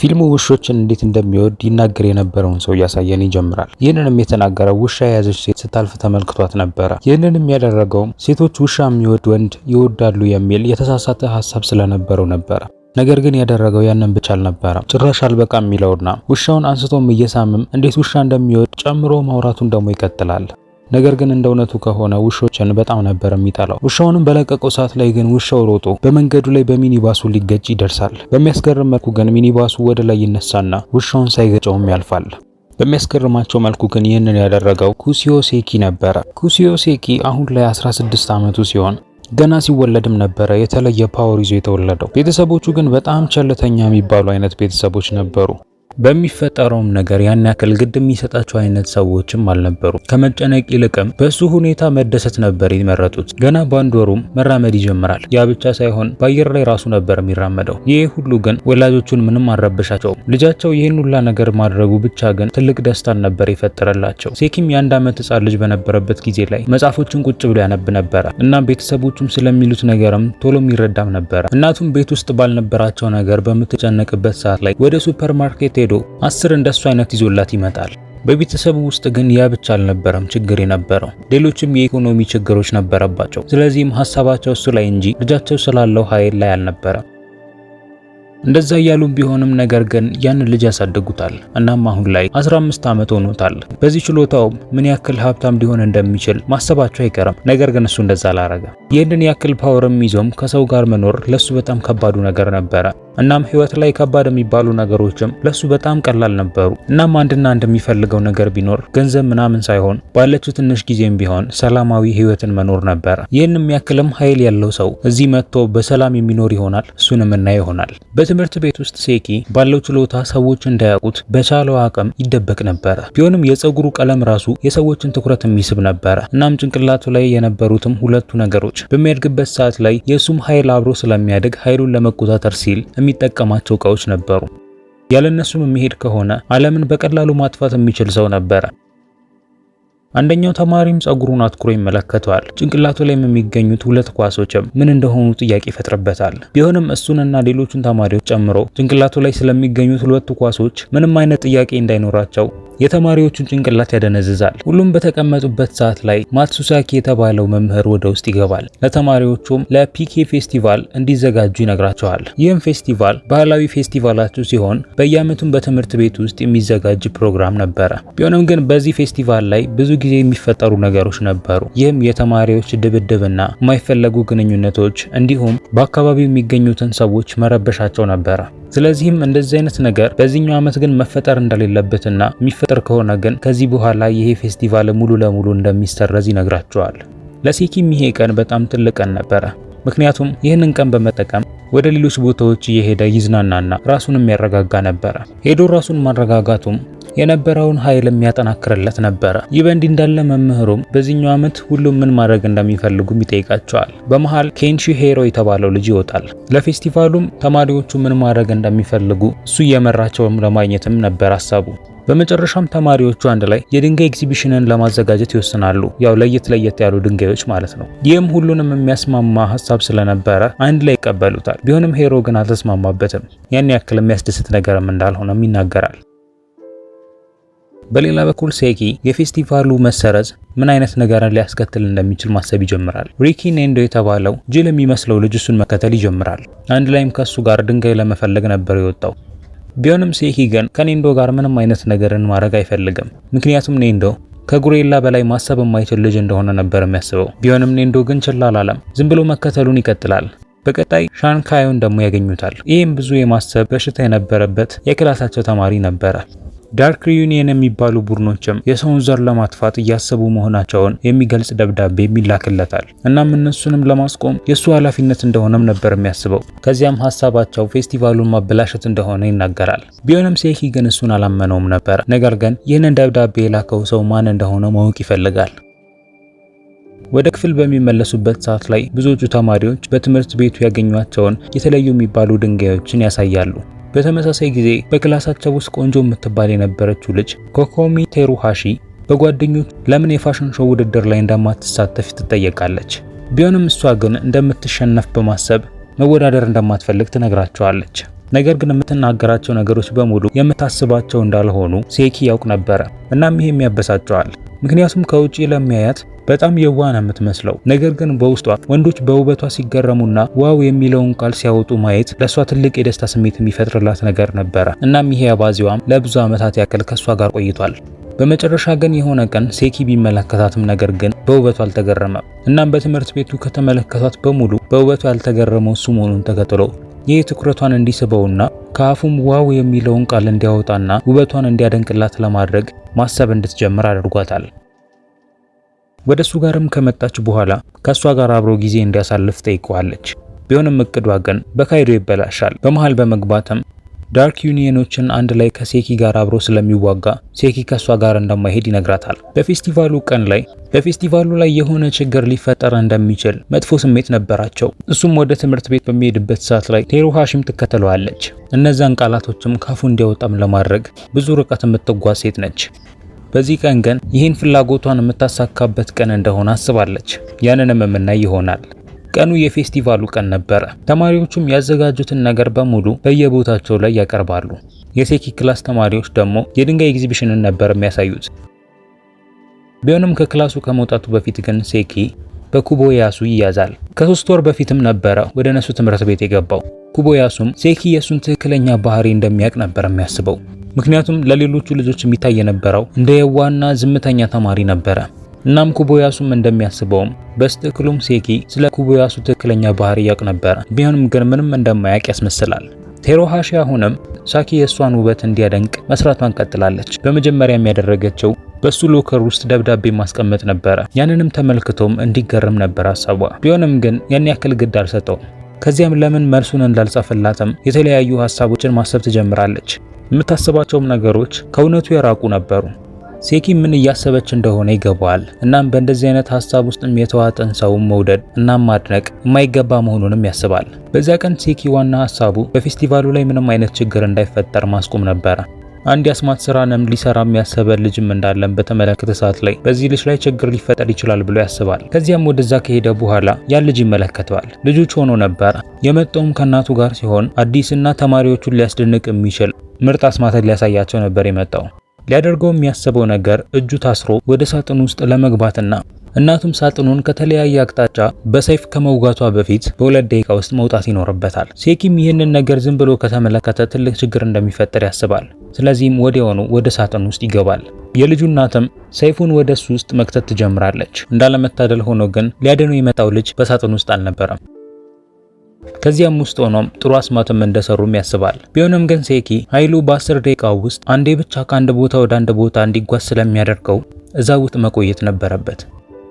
ፊልሙ ውሾችን እንዴት እንደሚወድ ይናገር የነበረውን ሰው እያሳየን ይጀምራል። ይህንንም የተናገረው ውሻ የያዘች ሴት ስታልፍ ተመልክቷት ነበረ። ይህንንም ያደረገውም ሴቶች ውሻ የሚወድ ወንድ ይወዳሉ የሚል የተሳሳተ ሀሳብ ስለነበረው ነበረ። ነገር ግን ያደረገው ያንን ብቻ አልነበረም። ጭራሽ አልበቃ የሚለውና ውሻውን አንስቶም እየሳምም እንዴት ውሻ እንደሚወድ ጨምሮ ማውራቱን ደግሞ ይቀጥላል። ነገር ግን እንደ እውነቱ ከሆነ ውሾችን በጣም ነበር የሚጠላው። ውሻውንም በለቀቀው ሰዓት ላይ ግን ውሻው ሮጦ በመንገዱ ላይ በሚኒባሱ ሊገጭ ይደርሳል። በሚያስገርም መልኩ ግን ሚኒባሱ ወደ ላይ ይነሳና ውሻውን ሳይገጨውም ያልፋል። በሚያስገርማቸው መልኩ ግን ይህንን ያደረገው ኩሲዮ ሴኪ ነበረ። ኩሲዮ ሴኪ አሁን ላይ 16 ዓመቱ ሲሆን ገና ሲወለድም ነበረ የተለየ ፓወር ይዞ የተወለደው። ቤተሰቦቹ ግን በጣም ቸልተኛ የሚባሉ አይነት ቤተሰቦች ነበሩ። በሚፈጠረውም ነገር ያን ያክል ግድ የሚሰጣቸው አይነት ሰዎችም አልነበሩ። ከመጨነቅ ይልቅም በሱ ሁኔታ መደሰት ነበር የመረጡት። ገና በአንድ ወሩም መራመድ ይጀምራል። ያ ብቻ ሳይሆን በአየር ላይ ራሱ ነበር የሚራመደው። ይህ ሁሉ ግን ወላጆቹን ምንም አልረበሻቸውም። ልጃቸው ይህን ሁላ ነገር ማድረጉ ብቻ ግን ትልቅ ደስታን ነበር የፈጠረላቸው። ሴኪም የአንድ ዓመት ህጻን ልጅ በነበረበት ጊዜ ላይ መጽሐፎችን ቁጭ ብሎ ያነብ ነበረ እና ቤተሰቦቹም ስለሚሉት ነገርም ቶሎ የሚረዳም ነበረ። እናቱም ቤት ውስጥ ባልነበራቸው ነገር በምትጨነቅበት ሰዓት ላይ ወደ ሱፐርማርኬት ሄዶ አስር እንደሱ አይነት ይዞላት ይመጣል። በቤተሰቡ ውስጥ ግን ያ ብቻ አልነበረም ችግር የነበረው፣ ሌሎችም የኢኮኖሚ ችግሮች ነበረባቸው። ስለዚህም ሀሳባቸው እሱ ላይ እንጂ ልጃቸው ስላለው ኃይል ላይ አልነበረም። እንደዛ እያሉም ቢሆንም ነገር ግን ያንን ልጅ ያሳድጉታል። እናም አሁን ላይ 15 ዓመት ሆኖታል። በዚህ ችሎታው ምን ያክል ሀብታም ሊሆን እንደሚችል ማሰባቸው አይቀርም። ነገር ግን እሱ እንደዛ አላረገ። ይህንን ያክል ፓወርም ይዞም ከሰው ጋር መኖር ለሱ በጣም ከባዱ ነገር ነበረ። እናም ህይወት ላይ ከባድ የሚባሉ ነገሮችም ለሱ በጣም ቀላል ነበሩ። እናም አንድና አንድ የሚፈልገው ነገር ቢኖር ገንዘብ ምናምን ሳይሆን ባለችው ትንሽ ጊዜም ቢሆን ሰላማዊ ህይወትን መኖር ነበር። ይህን የሚያክልም ኃይል ያለው ሰው እዚህ መጥቶ በሰላም የሚኖር ይሆናል። እሱንም እና ይሆናል። በትምህርት ቤት ውስጥ ሴኪ ባለው ችሎታ ሰዎች እንዳያውቁት በቻለው አቅም ይደበቅ ነበረ። ቢሆንም የፀጉሩ ቀለም ራሱ የሰዎችን ትኩረት የሚስብ ነበረ። እናም ጭንቅላቱ ላይ የነበሩትም ሁለቱ ነገሮች በሚያድግበት ሰዓት ላይ የእሱም ኃይል አብሮ ስለሚያድግ ኃይሉን ለመቆጣጠር ሲል የሚጠቀማቸው እቃዎች ነበሩ። ያለነሱም የሚሄድ ከሆነ ዓለምን በቀላሉ ማጥፋት የሚችል ሰው ነበረ። አንደኛው ተማሪም ጸጉሩን አትኩሮ ይመለከተዋል። ጭንቅላቱ ላይም የሚገኙት ሁለት ኳሶችም ምን እንደሆኑ ጥያቄ ይፈጥርበታል። ቢሆንም እሱንና ሌሎቹን ተማሪዎች ጨምሮ ጭንቅላቱ ላይ ስለሚገኙት ሁለቱ ኳሶች ምንም አይነት ጥያቄ እንዳይኖራቸው የተማሪዎቹን ጭንቅላት ያደነዝዛል። ሁሉም በተቀመጡበት ሰዓት ላይ ማትሱሳኪ የተባለው መምህር ወደ ውስጥ ይገባል። ለተማሪዎቹም ለፒኬ ፌስቲቫል እንዲዘጋጁ ይነግራቸዋል። ይህም ፌስቲቫል ባህላዊ ፌስቲቫላቸው ሲሆን በየአመቱም በትምህርት ቤት ውስጥ የሚዘጋጅ ፕሮግራም ነበረ። ቢሆንም ግን በዚህ ፌስቲቫል ላይ ብዙ ጊዜ የሚፈጠሩ ነገሮች ነበሩ። ይህም የተማሪዎች ድብድብና የማይፈለጉ ግንኙነቶች እንዲሁም በአካባቢው የሚገኙትን ሰዎች መረበሻቸው ነበረ። ስለዚህም እንደዚህ አይነት ነገር በዚህኛው ዓመት ግን መፈጠር እንደሌለበትና የሚፈጠር ከሆነ ግን ከዚህ በኋላ ይሄ ፌስቲቫል ሙሉ ለሙሉ እንደሚሰረዝ ይነግራቸዋል። ለሴኪም ይሄ ቀን በጣም ትልቅ ቀን ነበረ። ምክንያቱም ይህንን ቀን በመጠቀም ወደ ሌሎች ቦታዎች እየሄደ ይዝናናና ራሱንም ያረጋጋ ነበረ። ሄዶ ራሱን ማረጋጋቱም የነበረውን ኃይል የሚያጠናክርለት ነበረ። ይህ በእንዲህ እንዳለ መምህሩም በዚህኛው ዓመት ሁሉም ምን ማድረግ እንደሚፈልጉም ይጠይቃቸዋል። በመሃል ኬንሺ ሄሮ የተባለው ልጅ ይወጣል። ለፌስቲቫሉም ተማሪዎቹ ምን ማድረግ እንደሚፈልጉ እሱ እየመራቸውም ለማግኘትም ነበር አሳቡ? በመጨረሻም ተማሪዎቹ አንድ ላይ የድንጋይ ኤግዚቢሽንን ለማዘጋጀት ይወስናሉ። ያው ለየት ለየት ያሉ ድንጋዮች ማለት ነው። ይህም ሁሉንም የሚያስማማ ሀሳብ ስለነበረ አንድ ላይ ይቀበሉታል። ቢሆንም ሄሮ ግን አልተስማማበትም። ያን ያክል የሚያስደስት ነገርም እንዳልሆነም ይናገራል። በሌላ በኩል ሴኪ የፌስቲቫሉ መሰረዝ ምን አይነት ነገርን ሊያስከትል እንደሚችል ማሰብ ይጀምራል። ሪኪ ኔንዶ የተባለው ጅል የሚመስለው ልጅ እሱን መከተል ይጀምራል። አንድ ላይም ከሱ ጋር ድንጋይ ለመፈለግ ነበር የወጣው። ቢሆንም ሴሂገን ከኔንዶ ጋር ምንም አይነት ነገርን ማድረግ አይፈልግም። ምክንያቱም ኔንዶ ከጉሬላ በላይ ማሰብ የማይችል ልጅ እንደሆነ ነበር የሚያስበው። ቢሆንም ኔንዶ ግን ችላ አላለም። ዝም ብሎ መከተሉን ይቀጥላል። በቀጣይ ሻንካዮን ደግሞ ያገኙታል። ይህም ብዙ የማሰብ በሽታ የነበረበት የክላሳቸው ተማሪ ነበረ። ዳርክ ዩኒየን የሚባሉ ቡድኖችም የሰውን ዘር ለማጥፋት እያሰቡ መሆናቸውን የሚገልጽ ደብዳቤ ይላክለታል። እናም እነሱንም ለማስቆም የእሱ ኃላፊነት እንደሆነም ነበር የሚያስበው። ከዚያም ሀሳባቸው ፌስቲቫሉን ማበላሸት እንደሆነ ይናገራል። ቢሆንም ሴኪ ግን እሱን አላመነውም ነበር። ነገር ግን ይህንን ደብዳቤ የላከው ሰው ማን እንደሆነ ማወቅ ይፈልጋል። ወደ ክፍል በሚመለሱበት ሰዓት ላይ ብዙዎቹ ተማሪዎች በትምህርት ቤቱ ያገኟቸውን የተለዩ የሚባሉ ድንጋዮችን ያሳያሉ። በተመሳሳይ ጊዜ በክላሳቸው ውስጥ ቆንጆ የምትባል የነበረችው ልጅ ኮኮሚ ቴሩሃሺ በጓደኞች ለምን የፋሽን ሾው ውድድር ላይ እንደማትሳተፍ ትጠየቃለች። ቢሆንም እሷ ግን እንደምትሸነፍ በማሰብ መወዳደር እንደማትፈልግ ትነግራቸዋለች። ነገር ግን የምትናገራቸው ነገሮች በሙሉ የምታስባቸው እንዳልሆኑ ሴኪ ያውቅ ነበረ። እናም ይሄም ያበሳጨዋል። ምክንያቱም ከውጪ ለሚያያት በጣም የዋህ ነው የምትመስለው። ነገር ግን በውስጧ ወንዶች በውበቷ ሲገረሙና ዋው የሚለውን ቃል ሲያወጡ ማየት ለእሷ ትልቅ የደስታ ስሜት የሚፈጥርላት ነገር ነበረ። እናም ይሄ አባዚዋም ለብዙ ዓመታት ያክል ከእሷ ጋር ቆይቷል። በመጨረሻ ግን የሆነ ቀን ሴኪ ቢመለከታትም ነገር ግን በውበቱ አልተገረመም። እናም በትምህርት ቤቱ ከተመለከቷት በሙሉ በውበቱ ያልተገረመው እሱ መሆኑን ተከትሎ ይህ ትኩረቷን እንዲስበውና ከአፉም ዋው የሚለውን ቃል እንዲያወጣና ውበቷን እንዲያደንቅላት ለማድረግ ማሰብ እንድትጀምር አድርጓታል። ወደ እሱ ጋርም ከመጣች በኋላ ከእሷ ጋር አብሮ ጊዜ እንዲያሳልፍ ጠይቀዋለች። ቢሆንም እቅዷ ግን በካይዶ ይበላሻል። በመሃል በመግባትም ዳርክ ዩኒየኖችን አንድ ላይ ከሴኪ ጋር አብሮ ስለሚዋጋ ሴኪ ከእሷ ጋር እንደማይሄድ ይነግራታል። በፌስቲቫሉ ቀን ላይ በፌስቲቫሉ ላይ የሆነ ችግር ሊፈጠር እንደሚችል መጥፎ ስሜት ነበራቸው። እሱም ወደ ትምህርት ቤት በሚሄድበት ሰዓት ላይ ቴሩ ሃሽም ትከተለዋለች። እነዚያን ቃላቶችም ካፉ እንዲያወጣም ለማድረግ ብዙ ርቀት የምትጓዝ ሴት ነች። በዚህ ቀን ግን ይህን ፍላጎቷን የምታሳካበት ቀን እንደሆነ አስባለች። ያንንም የምናይ ይሆናል። ቀኑ የፌስቲቫሉ ቀን ነበረ። ተማሪዎቹም ያዘጋጁትን ነገር በሙሉ በየቦታቸው ላይ ያቀርባሉ። የሴኪ ክላስ ተማሪዎች ደግሞ የድንጋይ ኤግዚቢሽንን ነበር የሚያሳዩት። ቢሆንም ከክላሱ ከመውጣቱ በፊት ግን ሴኪ በኩቦ ያሱ ይያዛል። ከሶስት ወር በፊትም ነበረ ወደ ነሱ ትምህርት ቤት የገባው። ኩቦ ያሱም ሴኪ የእሱን ትክክለኛ ባህሪ እንደሚያውቅ ነበር የሚያስበው። ምክንያቱም ለሌሎቹ ልጆች የሚታይ የነበረው እንደ የዋና ዝምተኛ ተማሪ ነበረ። እናም ኩቦያሱም እንደሚያስበውም በስትክሉም ሴኪ ስለ ኩቦያሱ ትክክለኛ ባህሪ ያውቅ ነበረ። ቢሆንም ግን ምንም እንደማያውቅ ያስመስላል። ቴሮሃሺ አሁንም ሳኪ የእሷን ውበት እንዲያደንቅ መስራቷን ቀጥላለች። በመጀመሪያም ያደረገችው በሱ ሎከር ውስጥ ደብዳቤ ማስቀመጥ ነበረ። ያንንም ተመልክቶም እንዲገርም ነበር ሀሳቧ። ቢሆንም ግን ያን ያክል ግድ አልሰጠውም። ከዚያም ለምን መልሱን እንዳልጻፈላትም የተለያዩ ሀሳቦችን ማሰብ ትጀምራለች። የምታስባቸውም ነገሮች ከእውነቱ የራቁ ነበሩ። ሴኪ ምን እያሰበች እንደሆነ ይገባዋል። እናም በእንደዚህ አይነት ሀሳብ ውስጥም የተዋጠን ሰው መውደድ እናም ማድነቅ የማይገባ መሆኑንም ያስባል። በዚያ ቀን ሴኪ ዋና ሀሳቡ በፌስቲቫሉ ላይ ምንም አይነት ችግር እንዳይፈጠር ማስቆም ነበረ። አንድ የአስማት ስራንም ሊሰራ ያሰበ ልጅም እንዳለን በተመለከተ ሰዓት ላይ በዚህ ልጅ ላይ ችግር ሊፈጠር ይችላል ብሎ ያስባል። ከዚያም ወደዛ ከሄደ በኋላ ያን ልጅ ይመለከተዋል። ልጆች ሆኖ ነበር። የመጣውም ከእናቱ ጋር ሲሆን አዲስና ተማሪዎቹን ሊያስደንቅ የሚችል ምርጥ አስማትን ሊያሳያቸው ነበር የመጣው። ሊያደርገው የሚያስበው ነገር እጁ ታስሮ ወደ ሳጥን ውስጥ ለመግባትና እናቱም ሳጥኑን ከተለያየ አቅጣጫ በሰይፍ ከመውጋቷ በፊት በሁለት ደቂቃ ውስጥ መውጣት ይኖርበታል። ሴኪም ይህንን ነገር ዝም ብሎ ከተመለከተ ትልቅ ችግር እንደሚፈጠር ያስባል። ስለዚህም ወዲያውኑ ወደ ሳጥን ውስጥ ይገባል። የልጁ እናትም ሰይፉን ወደ እሱ ውስጥ መክተት ትጀምራለች። እንዳለመታደል ሆኖ ግን ሊያድነው የመጣው ልጅ በሳጥኑ ውስጥ አልነበረም። ከዚያም ውስጥ ሆኖም ጥሩ አስማትም እንደሰሩም ያስባል። ቢሆንም ግን ሴኪ ኃይሉ በአስር ደቂቃ ውስጥ አንዴ ብቻ ከአንድ ቦታ ወደ አንድ ቦታ እንዲጓዝ ስለሚያደርገው እዛ ውስጥ መቆየት ነበረበት።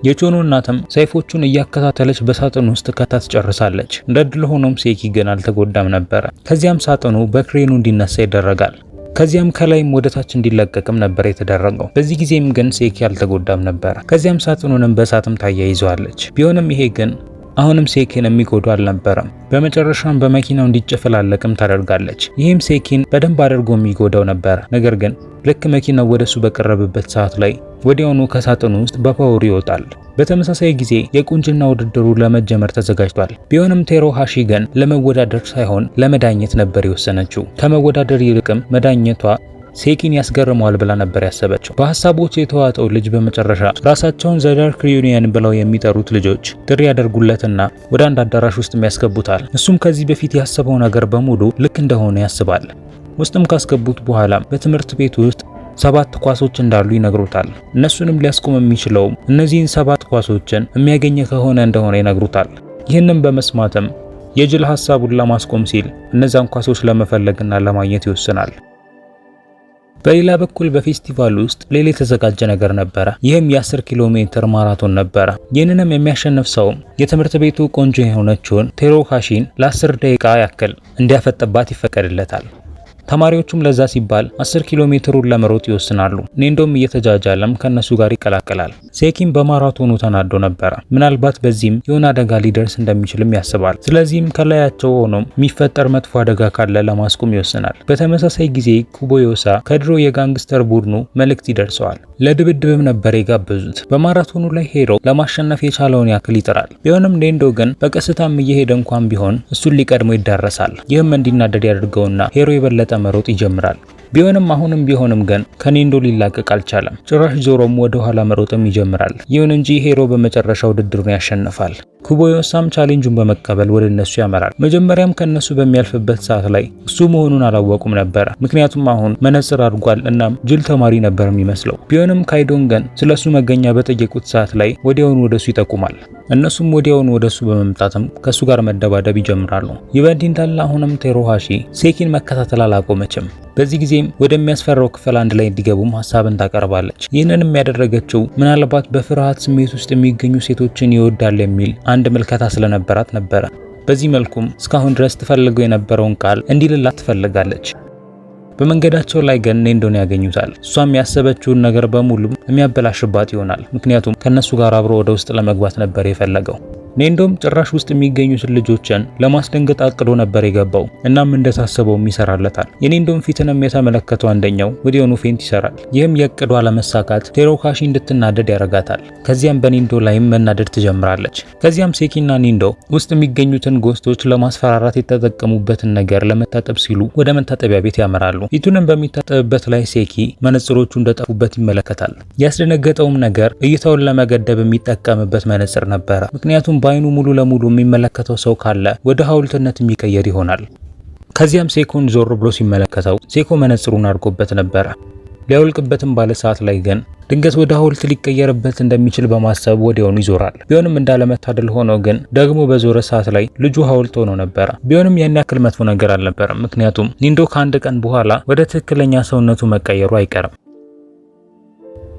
የቾኖ እናትም ሰይፎቹን እያከታተለች በሳጥን ውስጥ ከታ ትጨርሳለች። እንደ ድል ሆኖም ሴኪ ግን አልተጎዳም ነበረ። ከዚያም ሳጥኑ በክሬኑ እንዲነሳ ይደረጋል። ከዚያም ከላይም ወደታች እንዲለቀቅም ነበር የተደረገው። በዚህ ጊዜም ግን ሴኪ አልተጎዳም ነበር ከዚያም ሳጥኑንም በእሳትም ታያይዘዋለች። ቢሆንም ይሄ ግን አሁንም ሴኪን የሚጎዱ አልነበረም። በመጨረሻም በመኪናው እንዲጨፈላለቅም ታደርጋለች። ይህም ሴኪን በደንብ አድርጎ የሚጎዳው ነበር። ነገር ግን ልክ መኪናው ወደሱ በቀረበበት ሰዓት ላይ ወዲያውኑ ከሳጥኑ ውስጥ በፓወር ይወጣል። በተመሳሳይ ጊዜ የቁንጅና ውድድሩ ለመጀመር ተዘጋጅቷል። ቢሆንም ቴሮ ሃሺገን ለመወዳደር ሳይሆን ለመዳኘት ነበር የወሰነችው። ከመወዳደር ይልቅም መዳኘቷ ሴኪን ያስገርመዋል ብላ ነበር ያሰበችው። በሀሳቦች የተዋጠው ልጅ በመጨረሻ ራሳቸውን ዘዳርክ ሪዩኒየን ብለው የሚጠሩት ልጆች ጥሪ ያደርጉለትና ወደ አንድ አዳራሽ ውስጥ ያስገቡታል። እሱም ከዚህ በፊት ያሰበው ነገር በሙሉ ልክ እንደሆነ ያስባል። ውስጥም ካስገቡት በኋላ በትምህርት ቤት ውስጥ ሰባት ኳሶች እንዳሉ ይነግሩታል። እነሱንም ሊያስቆም የሚችለው እነዚህን ሰባት ኳሶችን የሚያገኘ ከሆነ እንደሆነ ይነግሩታል። ይህንም በመስማትም የጅል ሀሳቡን ለማስቆም ሲል እነዛን ኳሶች ለመፈለግና ለማግኘት ይወስናል። በሌላ በኩል በፌስቲቫል ውስጥ ሌላ የተዘጋጀ ነገር ነበረ። ይህም የ10 ኪሎ ሜትር ማራቶን ነበረ። ይህንንም የሚያሸንፍ ሰው የትምህርት ቤቱ ቆንጆ የሆነችውን ቴሮካሺን ለ10 ደቂቃ ያክል እንዲያፈጥባት ይፈቀድለታል። ተማሪዎቹም ለዛ ሲባል 10 ኪሎ ሜትሩን ለመሮጥ ይወስናሉ። ኔንዶም እየተጃጃለም ከነሱ ጋር ይቀላቀላል። ሴኪም በማራቶኑ ተናዶ ነበረ። ምናልባት በዚህም የሆነ አደጋ ሊደርስ እንደሚችልም ያስባል። ስለዚህም ከላያቸው ሆኖም የሚፈጠር መጥፎ አደጋ ካለ ለማስቆም ይወስናል። በተመሳሳይ ጊዜ ኩቦዮሳ ከድሮ የጋንግስተር ቡድኑ መልእክት ይደርሰዋል። ለድብድብም ነበር የጋበዙት። በማራቶኑ ላይ ሄሮ ለማሸነፍ የቻለውን ያክል ይጥራል። ቢሆንም ኔንዶ ግን በቀስታም እየሄደ እንኳን ቢሆን እሱን ሊቀድሞ ይዳረሳል። ይህም እንዲናደድ ያደርገውና ሄሮ የበለጠ መሮጥ ይጀምራል። ቢሆንም አሁንም ቢሆንም ግን ከኔንዶ ሊላቀቅ አልቻለም። ጭራሽ ዞሮም ወደ ኋላ መሮጥም ይጀምራል። ይሁን እንጂ ሄሮ በመጨረሻ ውድድሩን ያሸንፋል። ኩቦዮሳም ቻሌንጁን በመቀበል ወደ እነሱ ያመራል። መጀመሪያም ከነሱ በሚያልፍበት ሰዓት ላይ እሱ መሆኑን አላወቁም ነበረ፣ ምክንያቱም አሁን መነጽር አድርጓል። እናም ጅል ተማሪ ነበር የሚመስለው። ቢሆንም ካይዶንገን ስለ እሱ መገኛ በጠየቁት ሰዓት ላይ ወዲያውኑ ወደሱ ይጠቁማል። እነሱም ወዲያውኑ ወደሱ በመምጣትም ከሱ ጋር መደባደብ ይጀምራሉ። ይህ እንዳለ አሁንም ቴሮሃሺ ሴኪን መከታተል አላቆመችም። በዚህ ጊዜም ወደሚያስፈራው ክፍል አንድ ላይ እንዲገቡም ሀሳብን ታቀርባለች። ይህንንም ያደረገችው ምናልባት በፍርሃት ስሜት ውስጥ የሚገኙ ሴቶችን ይወዳል የሚል አንድ ምልከታ ስለነበራት ነበረ። በዚህ መልኩም እስካሁን ድረስ ትፈልገው የነበረውን ቃል እንዲልላት ትፈልጋለች። በመንገዳቸው ላይ ግን እንደሆነ ያገኙታል። እሷም ያሰበችውን ነገር በሙሉም የሚያበላሽባት ይሆናል። ምክንያቱም ከነሱ ጋር አብሮ ወደ ውስጥ ለመግባት ነበር የፈለገው። ኔንዶም ጭራሽ ውስጥ የሚገኙትን ልጆችን ለማስደንገጥ አቅዶ ነበር የገባው። እናም እንደታሰበውም ይሰራለታል። የኔንዶም ፊትንም የተመለከተው አንደኛው ወዲያውኑ ፌንት ይሰራል። ይህም የእቅዷ ለመሳካት ቴሮካሺ እንድትናደድ ያደርጋታል። ከዚያም በኔንዶ ላይም መናደድ ትጀምራለች። ከዚያም ሴኪና ኔንዶ ውስጥ የሚገኙትን ጎስቶች ለማስፈራራት የተጠቀሙበትን ነገር ለመታጠብ ሲሉ ወደ መታጠቢያ ቤት ያመራሉ። ፊቱንም በሚታጠብበት ላይ ሴኪ መነጽሮቹ እንደጠፉበት ይመለከታል። ያስደነገጠውም ነገር እይታውን ለመገደብ የሚጠቀምበት መነጽር ነበረ። ምክንያቱም በአይኑ ሙሉ ለሙሉ የሚመለከተው ሰው ካለ ወደ ሐውልትነት የሚቀየር ይሆናል። ከዚያም ሴኮን ዞር ብሎ ሲመለከተው ሴኮ መነጽሩን አድርጎበት ነበረ። ሊያወልቅበትም ባለ ሰዓት ላይ ግን ድንገት ወደ ሐውልት ሊቀየርበት እንደሚችል በማሰብ ወዲያውኑ ይዞራል። ቢሆንም እንዳለመታደል ሆኖ ግን ደግሞ በዞረ ሰዓት ላይ ልጁ ሐውልት ሆኖ ነበረ። ቢሆንም ያን ያክል መጥፎ ነገር አልነበረም። ምክንያቱም ኒንዶ ከአንድ ቀን በኋላ ወደ ትክክለኛ ሰውነቱ መቀየሩ አይቀርም።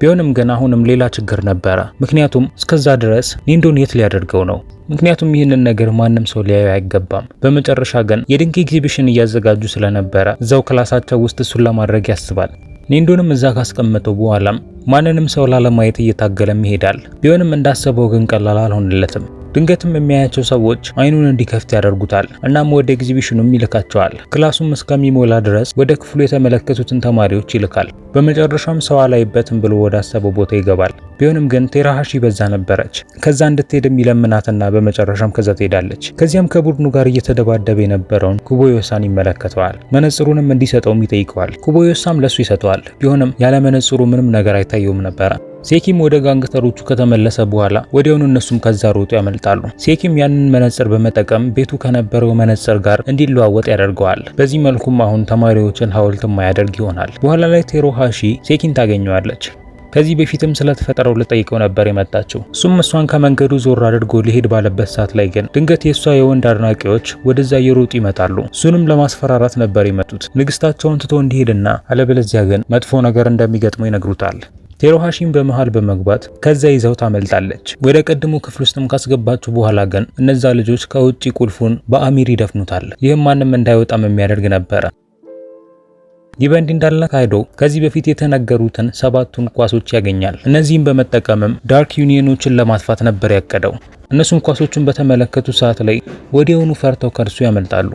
ቢሆንም ግን አሁንም ሌላ ችግር ነበረ። ምክንያቱም እስከዛ ድረስ ኒንዶን የት ሊያደርገው ነው? ምክንያቱም ይህንን ነገር ማንም ሰው ሊያዩ አይገባም። በመጨረሻ ግን የድንቅ ኤግዚቢሽን እያዘጋጁ ስለነበረ እዛው ክላሳቸው ውስጥ እሱን ለማድረግ ያስባል። ኒንዶንም እዛ ካስቀመጠው በኋላም ማንንም ሰው ላለማየት እየታገለም ይሄዳል። ቢሆንም እንዳሰበው ግን ቀላል አልሆነለትም። ድንገትም የሚያያቸው ሰዎች አይኑን እንዲከፍት ያደርጉታል። እናም ወደ ኤግዚቢሽኑም ይልካቸዋል። ክላሱም እስከሚሞላ ድረስ ወደ ክፍሉ የተመለከቱትን ተማሪዎች ይልካል። በመጨረሻም ሰው አላይበትም ብሎ ወዳሰበው ቦታ ይገባል። ቢሆንም ግን ቴራሃሺ በዛ ነበረች። ከዛ እንድትሄድም ይለምናትና በመጨረሻም ከዛ ትሄዳለች። ከዚያም ከቡድኑ ጋር እየተደባደበ የነበረውን ኩቦዮሳን ይመለከተዋል። መነጽሩንም እንዲሰጠውም ይጠይቀዋል። ኩቦዮሳም ለሱ ይሰጠዋል። ቢሆንም ያለ መነጽሩ ምንም ነገር አይታየውም ነበረ። ሴኪም ወደ ጋንግተሮቹ ከተመለሰ በኋላ ወዲያውኑ እነሱም ከዛ ሮጡ ያመልጣሉ። ሴኪም ያንን መነጽር በመጠቀም ቤቱ ከነበረው መነጽር ጋር እንዲለዋወጥ ያደርገዋል። በዚህ መልኩም አሁን ተማሪዎችን ሐውልት ማያደርግ ይሆናል። በኋላ ላይ ቴሮሃሺ ሴኪን ታገኘዋለች። ከዚህ በፊትም ስለተፈጠረው ልጠይቀው ነበር የመጣችው። እሱም እሷን ከመንገዱ ዞር አድርጎ ሊሄድ ባለበት ሰዓት ላይ ግን ድንገት የእሷ የወንድ አድናቂዎች ወደዛ እየሮጡ ይመጣሉ። እሱንም ለማስፈራራት ነበር የመጡት። ንግስታቸውን ትቶ እንዲሄድና አለበለዚያ ግን መጥፎ ነገር እንደሚገጥሙ ይነግሩታል። ቴሮሃሺም በመሃል በመግባት ከዛ ይዘው ታመልጣለች። ወደ ቀድሞ ክፍል ውስጥም ካስገባችሁ በኋላ ግን እነዛ ልጆች ከውጭ ቁልፉን በአሚር ይደፍኑታል። ይህም ማንም እንዳይወጣም የሚያደርግ ነበረ። ይህ በእንዲህ እንዳለ ካይዶ ከዚህ በፊት የተነገሩትን ሰባቱን ኳሶች ያገኛል። እነዚህም በመጠቀምም ዳርክ ዩኒየኖችን ለማጥፋት ነበር ያቀደው። እነሱም ኳሶቹን በተመለከቱ ሰዓት ላይ ወዲያውኑ ፈርተው ከእርሱ ያመልጣሉ።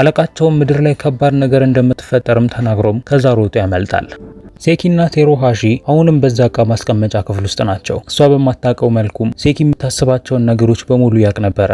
አለቃቸውም ምድር ላይ ከባድ ነገር እንደምትፈጠርም ተናግሮም ከዛ ሮጦ ያመልጣል። ሴኪና ቴሮ ሃሺ አሁንም በዛ እቃ ማስቀመጫ ክፍል ውስጥ ናቸው። እሷ በማታውቀው መልኩም ሴኪ የምታስባቸውን ነገሮች በሙሉ ያቅ ነበረ።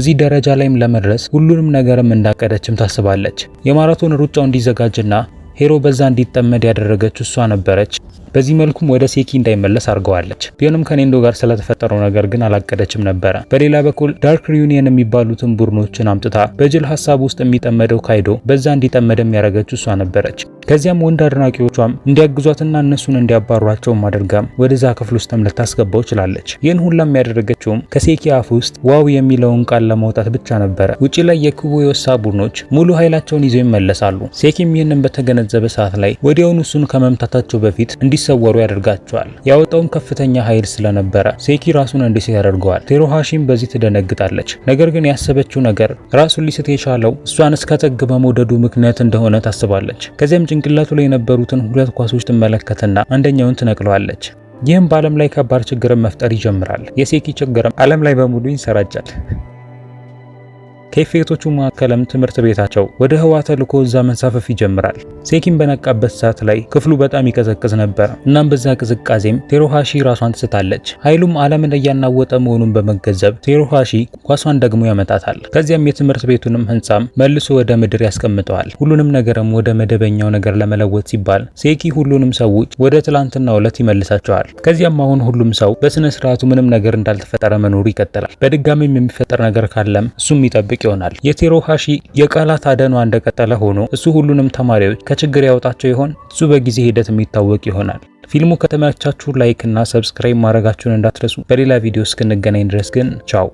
እዚህ ደረጃ ላይም ለመድረስ ሁሉንም ነገርም እንዳቀደችም ታስባለች። የማራቶን ሩጫው እንዲዘጋጅና ሄሮ በዛ እንዲጠመድ ያደረገች እሷ ነበረች። በዚህ መልኩም ወደ ሴኪ እንዳይመለስ አድርገዋለች። ቢሆንም ከኔንዶ ጋር ስለተፈጠረው ነገር ግን አላቀደችም ነበረ። በሌላ በኩል ዳርክ ሪዩኒየን የሚባሉትን ቡድኖችን አምጥታ በጅል ሀሳብ ውስጥ የሚጠመደው ካይዶ በዛ እንዲጠመደም ያደረገችው እሷ ነበረች። ከዚያም ወንድ አድናቂዎቿም እንዲያግዟትና እነሱን እንዲያባሯቸውም አድርጋም ወደዛ ክፍል ውስጥም ልታስገባው ችላለች። ይህን ሁላም ያደረገችውም ከሴኪ አፍ ውስጥ ዋው የሚለውን ቃል ለማውጣት ብቻ ነበረ። ውጭ ላይ የክቡ የወሳ ቡድኖች ሙሉ ኃይላቸውን ይዘው ይመለሳሉ። ሴኪም ይህንን በተገነዘበ ሰዓት ላይ ወዲያውኑ እሱን ከመምታታቸው በፊት እንዲ እንዲሰወሩ ያደርጋቸዋል። ያወጣውም ከፍተኛ ኃይል ስለነበረ ሴኪ ራሱን እንዲስት ያደርገዋል። ቴሮሃሺም በዚህ ትደነግጣለች። ነገር ግን ያሰበችው ነገር ራሱን ሊስት የቻለው እሷን እስከ ጥግ በመውደዱ ምክንያት እንደሆነ ታስባለች። ከዚያም ጭንቅላቱ ላይ የነበሩትን ሁለት ኳሶች ትመለከትና አንደኛውን ትነቅለዋለች። ይህም በዓለም ላይ ከባድ ችግርን መፍጠር ይጀምራል። የሴኪ ችግርም ዓለም ላይ በሙሉ ይንሰራጫል። ከኤፌክቶቹ መካከልም ትምህርት ቤታቸው ወደ ህዋ ተልኮ እዛ መንሳፈፍ ይጀምራል። ሴኪም በነቃበት ሰዓት ላይ ክፍሉ በጣም ይቀዘቅዝ ነበር። እናም በዛ ቅዝቃዜም ቴሮሃሺ ራሷን ትስታለች። ኃይሉም ዓለምን እያናወጠ መሆኑን በመገንዘብ ቴሮሃሺ ኳሷን ደግሞ ያመጣታል። ከዚያም የትምህርት ቤቱንም ህንጻም መልሶ ወደ ምድር ያስቀምጠዋል። ሁሉንም ነገርም ወደ መደበኛው ነገር ለመለወጥ ሲባል ሴኪ ሁሉንም ሰዎች ወደ ትላንትና ዕለት ይመልሳቸዋል። ከዚያም አሁን ሁሉም ሰው በስነ ስርዓቱ ምንም ነገር እንዳልተፈጠረ መኖሩ ይቀጥላል። በድጋሚም የሚፈጠር ነገር ካለም እሱም ይጠብቅ ይሆናል። የቴሮ ሃሺ የቃላት አደኗ እንደቀጠለ ሆኖ እሱ ሁሉንም ተማሪዎች ከችግር ያወጣቸው ይሆን? እሱ በጊዜ ሂደት የሚታወቅ ይሆናል። ፊልሙ ከተመቻችሁ ላይክ እና ሰብስክራይብ ማድረጋችሁን እንዳትረሱ። በሌላ ቪዲዮ እስክንገናኝ ድረስ ግን ቻው።